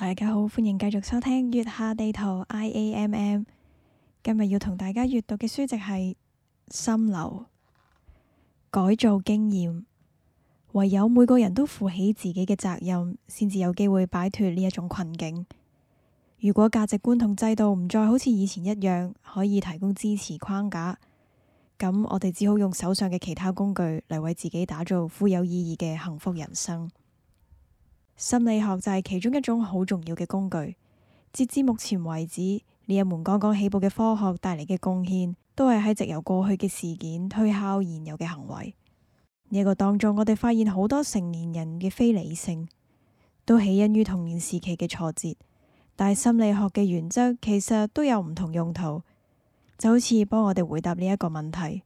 大家好，歡迎繼續收聽《月下地圖 IAMM》。今日要同大家閱讀嘅書籍係《心流：改造經驗》。唯有每個人都負起自己嘅責任，先至有機會擺脫呢一種困境。如果價值觀同制度唔再好似以前一樣，可以提供支持框架，咁我哋只好用手上嘅其他工具嚟為自己打造富有意義嘅幸福人生。心理學就係其中一種好重要嘅工具。截至目前為止，呢一門剛剛起步嘅科學帶嚟嘅貢獻，都係喺藉由過去嘅事件推敲現有嘅行為。呢、這、一個當中，我哋發現好多成年人嘅非理性，都起因於童年時期嘅挫折。但係心理學嘅原則其實都有唔同用途，就好似幫我哋回答呢一個問題：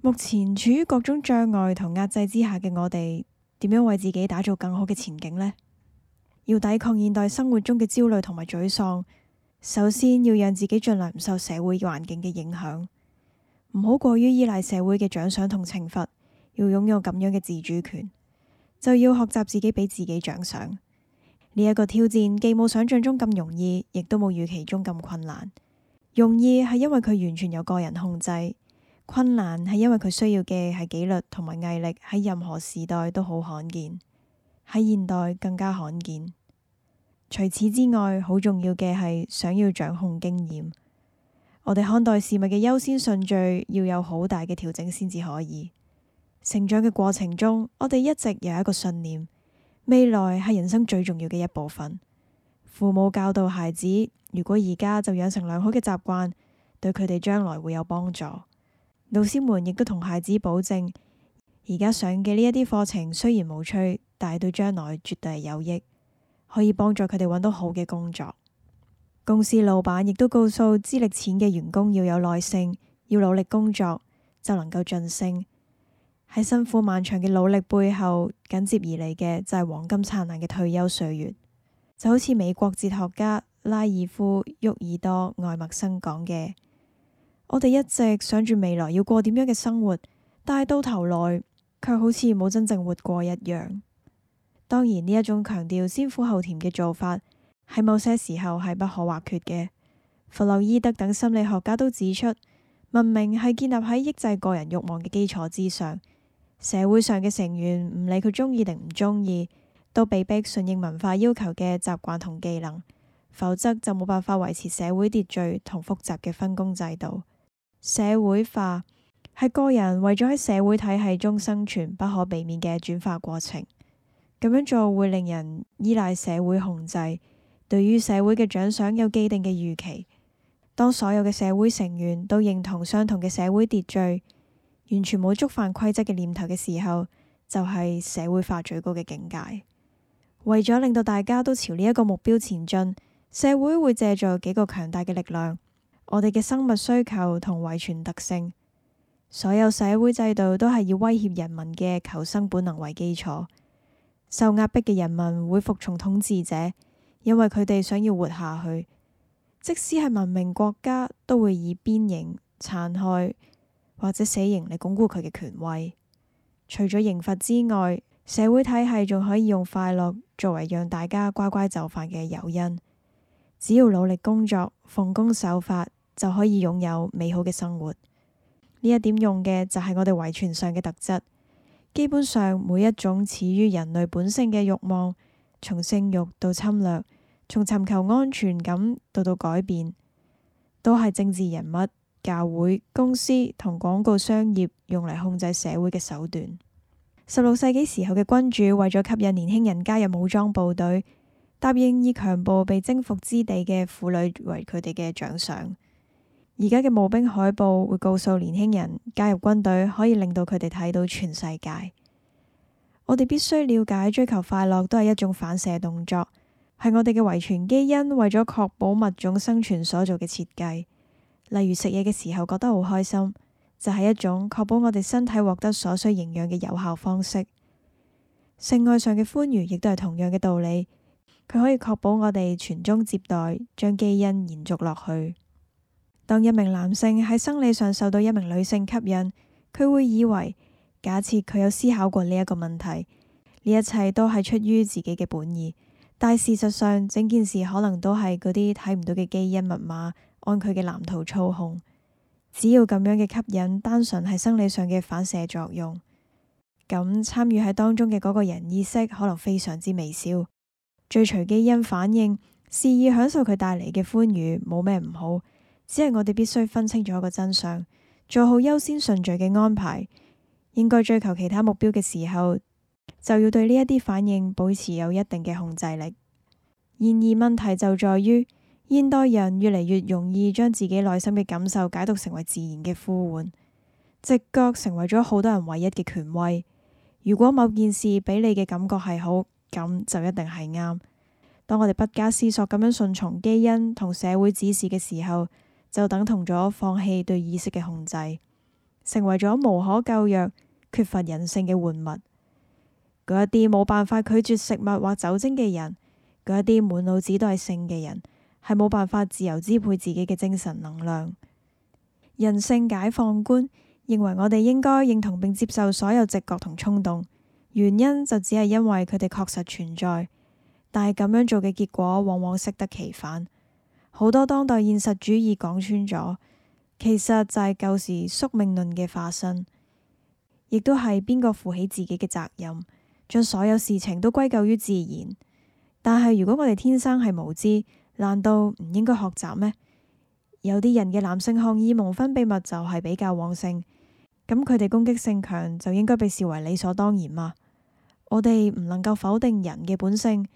目前處於各種障礙同壓制之下嘅我哋。點樣為自己打造更好嘅前景呢？要抵抗現代生活中嘅焦慮同埋沮喪，首先要讓自己盡量唔受社會環境嘅影響，唔好過於依賴社會嘅獎賞同懲罰。要擁有咁樣嘅自主權，就要學習自己俾自己獎賞。呢一個挑戰既冇想象中咁容易，亦都冇預期中咁困難。容易係因為佢完全由個人控制。困難係因為佢需要嘅係紀律同埋毅力，喺任何時代都好罕見，喺現代更加罕見。除此之外，好重要嘅係想要掌控經驗。我哋看待事物嘅優先順序，要有好大嘅調整先至可以。成長嘅過程中，我哋一直有一個信念：未來係人生最重要嘅一部分。父母教導孩子，如果而家就養成良好嘅習慣，對佢哋將來會有幫助。老師們亦都同孩子保證，而家上嘅呢一啲課程雖然冇趣，但係對將來絕對有益，可以幫助佢哋揾到好嘅工作。公司老闆亦都告訴資歷淺嘅員工，要有耐性，要努力工作就能夠晉升。喺辛苦漫長嘅努力背後，緊接而嚟嘅就係黃金燦爛嘅退休歲月。就好似美國哲學家拉爾夫·沃爾多·愛默生講嘅。我哋一直想住未來要過點樣嘅生活，但係到頭來卻好似冇真正活過一樣。當然呢一種強調先苦後甜嘅做法，喺某些時候係不可或缺嘅。弗洛伊德等心理學家都指出，文明係建立喺抑制個人慾望嘅基礎之上。社會上嘅成員唔理佢中意定唔中意，都被迫順應文化要求嘅習慣同技能，否則就冇辦法維持社會秩序同複雜嘅分工制度。社會化係個人為咗喺社會體系中生存不可避免嘅轉化過程，咁樣做會令人依賴社會控制，對於社會嘅獎賞有既定嘅預期。當所有嘅社會成員都認同相同嘅社會秩序，完全冇觸犯規則嘅念頭嘅時候，就係社會化最高嘅境界。為咗令到大家都朝呢一個目標前進，社會會借助幾個強大嘅力量。我哋嘅生物需求同遺傳特性，所有社會制度都係以威脅人民嘅求生本能為基礎。受壓迫嘅人民會服從統治者，因為佢哋想要活下去。即使係文明國家，都會以鞭刑、殘害或者死刑嚟鞏固佢嘅權威。除咗刑罰之外，社會體系仲可以用快樂作為讓大家乖乖就範嘅誘因。只要努力工作、奉公守法。就可以擁有美好嘅生活。呢一點用嘅就係我哋遺傳上嘅特質。基本上，每一種始於人類本性嘅慾望，從性慾到侵略，從尋求安全感到到改變，都係政治人物、教會、公司同廣告商業用嚟控制社會嘅手段。十六世紀時候嘅君主為咗吸引年輕人加入武裝部隊，答應以強暴被征服之地嘅婦女為佢哋嘅獎賞。而家嘅募兵海報會告訴年輕人，加入軍隊可以令到佢哋睇到全世界。我哋必須了解，追求快樂都係一種反射動作，係我哋嘅遺傳基因為咗確保物種生存所做嘅設計。例如食嘢嘅時候覺得好開心，就係一種確保我哋身體獲得所需營養嘅有效方式。性愛上嘅歡愉亦都係同樣嘅道理，佢可以確保我哋傳宗接代，將基因延續落去。當一名男性喺生理上受到一名女性吸引，佢會以為，假設佢有思考過呢一個問題，呢一切都係出於自己嘅本意。但事實上，整件事可能都係嗰啲睇唔到嘅基因密碼，按佢嘅藍圖操控。只要咁樣嘅吸引單純係生理上嘅反射作用，咁參與喺當中嘅嗰個人意識可能非常之微小，最隨基因反應，肆意享受佢帶嚟嘅歡愉，冇咩唔好。只係我哋必須分清楚一個真相，做好優先順序嘅安排。應該追求其他目標嘅時候，就要對呢一啲反應保持有一定嘅控制力。然而，問題就在於現代人越嚟越容易將自己內心嘅感受解讀成為自然嘅呼喚，直覺成為咗好多人唯一嘅權威。如果某件事俾你嘅感覺係好，咁就一定係啱。當我哋不假思索咁樣順從基因同社會指示嘅時候，就等同咗放棄對意識嘅控制，成為咗無可救藥、缺乏人性嘅玩物。嗰一啲冇辦法拒絕食物或酒精嘅人，嗰一啲滿腦子都係性嘅人，係冇辦法自由支配自己嘅精神能量。人性解放觀認為我哋應該認同並接受所有直覺同衝動，原因就只係因為佢哋確實存在。但係咁樣做嘅結果，往往適得其反。好多當代現實主義講穿咗，其實就係舊時宿命論嘅化身，亦都係邊個負起自己嘅責任，將所有事情都歸咎於自然。但係如果我哋天生係無知，難道唔應該學習咩？有啲人嘅男性荷爾蒙分泌物就係比較旺盛，咁佢哋攻擊性強就應該被視為理所當然嘛？我哋唔能夠否定人嘅本性，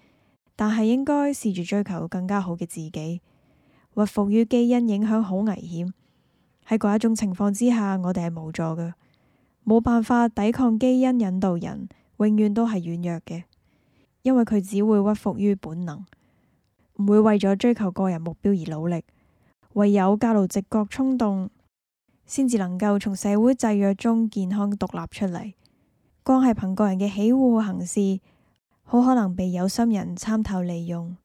但係應該試住追求更加好嘅自己。屈服於基因影響好危險，喺嗰一種情況之下，我哋係無助嘅，冇辦法抵抗基因引導人，永遠都係軟弱嘅，因為佢只會屈服於本能，唔會為咗追求個人目標而努力，唯有駕馭直覺衝動，先至能夠從社會制約中健康獨立出嚟。光係憑個人嘅喜惡行事，好可能被有心人參透利用。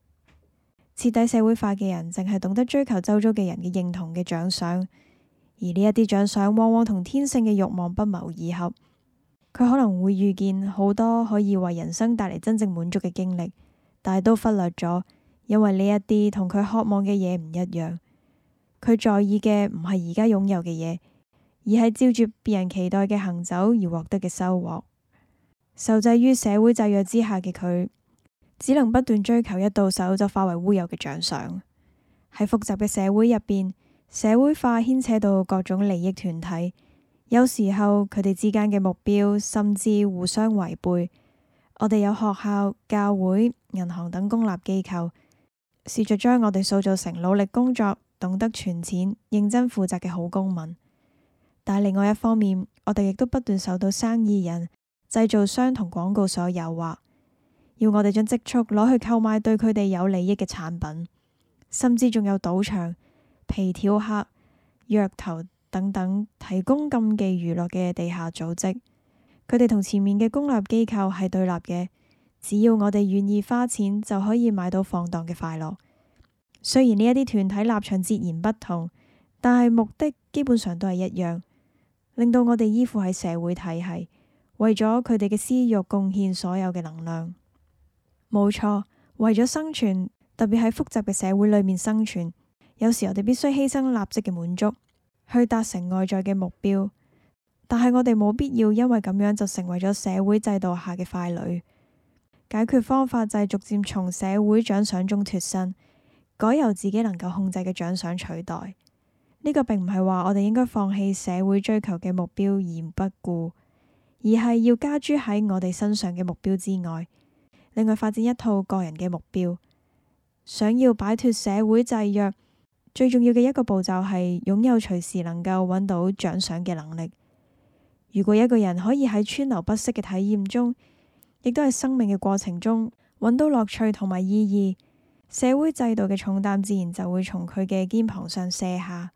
徹底社會化嘅人，淨係懂得追求周遭嘅人嘅認同嘅獎賞，而呢一啲獎賞往往同天性嘅欲望不謀而合。佢可能會遇見好多可以為人生帶嚟真正滿足嘅經歷，但係都忽略咗，因為呢一啲同佢渴望嘅嘢唔一樣。佢在意嘅唔係而家擁有嘅嘢，而係照住別人期待嘅行走而獲得嘅收穫。受制於社會制約之下嘅佢。只能不斷追求一到手就化為烏有嘅獎賞。喺複雜嘅社會入邊，社會化牽扯到各種利益團體，有時候佢哋之間嘅目標甚至互相違背。我哋有學校、教會、銀行等公立機構，試着將我哋塑造成努力工作、懂得存錢、認真負責嘅好公民。但另外一方面，我哋亦都不斷受到生意人、製造商同廣告所誘惑。要我哋將積蓄攞去購買對佢哋有利益嘅產品，甚至仲有賭場、皮條客、藥頭等等提供禁忌娛樂嘅地下組織。佢哋同前面嘅公立機構係對立嘅。只要我哋願意花錢，就可以買到放蕩嘅快樂。雖然呢一啲團體立場截然不同，但係目的基本上都係一樣，令到我哋依附喺社會體系，為咗佢哋嘅私欲貢獻所有嘅能量。冇錯，為咗生存，特別喺複雜嘅社會裏面生存，有時我哋必須犧牲立即嘅滿足去達成外在嘅目標。但係我哋冇必要因為咁樣就成為咗社會制度下嘅傀儡。解決方法就係逐漸從社會獎賞中脫身，改由自己能夠控制嘅獎賞取代。呢個並唔係話我哋應該放棄社會追求嘅目標而不顧，而係要加諸喺我哋身上嘅目標之外。另外發展一套個人嘅目標，想要擺脫社會制約，最重要嘅一個步驟係擁有隨時能夠揾到獎賞嘅能力。如果一個人可以喺川流不息嘅體驗中，亦都係生命嘅過程中揾到樂趣同埋意義，社會制度嘅重擔自然就會從佢嘅肩膀上卸下。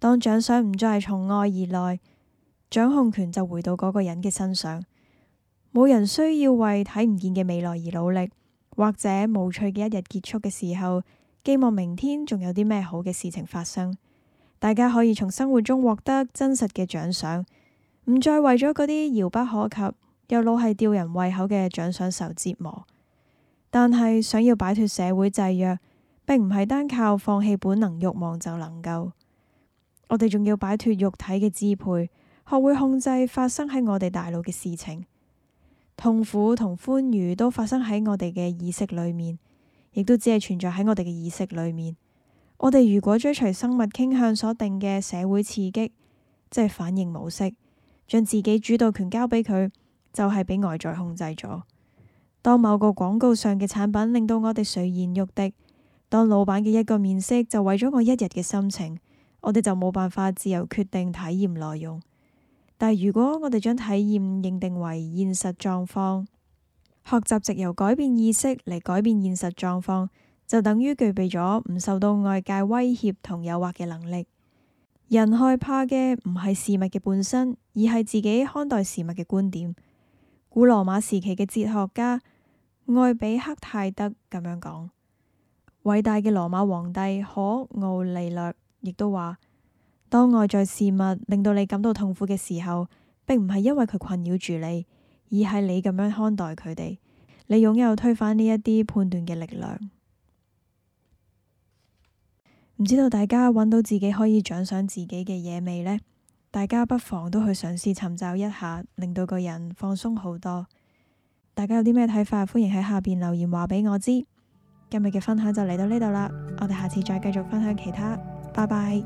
當獎賞唔再係從外而來，掌控權就回到嗰個人嘅身上。冇人需要為睇唔見嘅未來而努力，或者無趣嘅一日結束嘅時候，寄望明天仲有啲咩好嘅事情發生。大家可以從生活中獲得真實嘅獎賞，唔再為咗嗰啲遙不可及又老係吊人胃口嘅獎賞受折磨。但係想要擺脫社會制約，並唔係單靠放棄本能慾望就能夠。我哋仲要擺脫肉體嘅支配，學會控制發生喺我哋大腦嘅事情。痛苦同歡愉都發生喺我哋嘅意識裏面，亦都只係存在喺我哋嘅意識裏面。我哋如果追隨生物傾向所定嘅社會刺激，即係反應模式，將自己主導權交俾佢，就係俾外在控制咗。當某個廣告上嘅產品令到我哋垂涎欲滴，當老闆嘅一個面色就毀咗我一日嘅心情，我哋就冇辦法自由決定體驗內容。但如果我哋將體驗認定為現實狀況，學習藉由改變意識嚟改變現實狀況，就等於具備咗唔受到外界威脅同誘惑嘅能力。人害怕嘅唔係事物嘅本身，而係自己看待事物嘅觀點。古羅馬時期嘅哲學家愛比克泰德咁樣講。偉大嘅羅馬皇帝可奧利略亦都話。當外在事物令到你感到痛苦嘅時候，並唔係因為佢困擾住你，而係你咁樣看待佢哋。你擁有推翻呢一啲判斷嘅力量。唔知道大家揾到自己可以獎賞自己嘅嘢未呢？大家不妨都去嘗試尋找一下，令到個人放鬆好多。大家有啲咩睇法？歡迎喺下邊留言話畀我知。今日嘅分享就嚟到呢度啦，我哋下次再繼續分享其他。拜拜。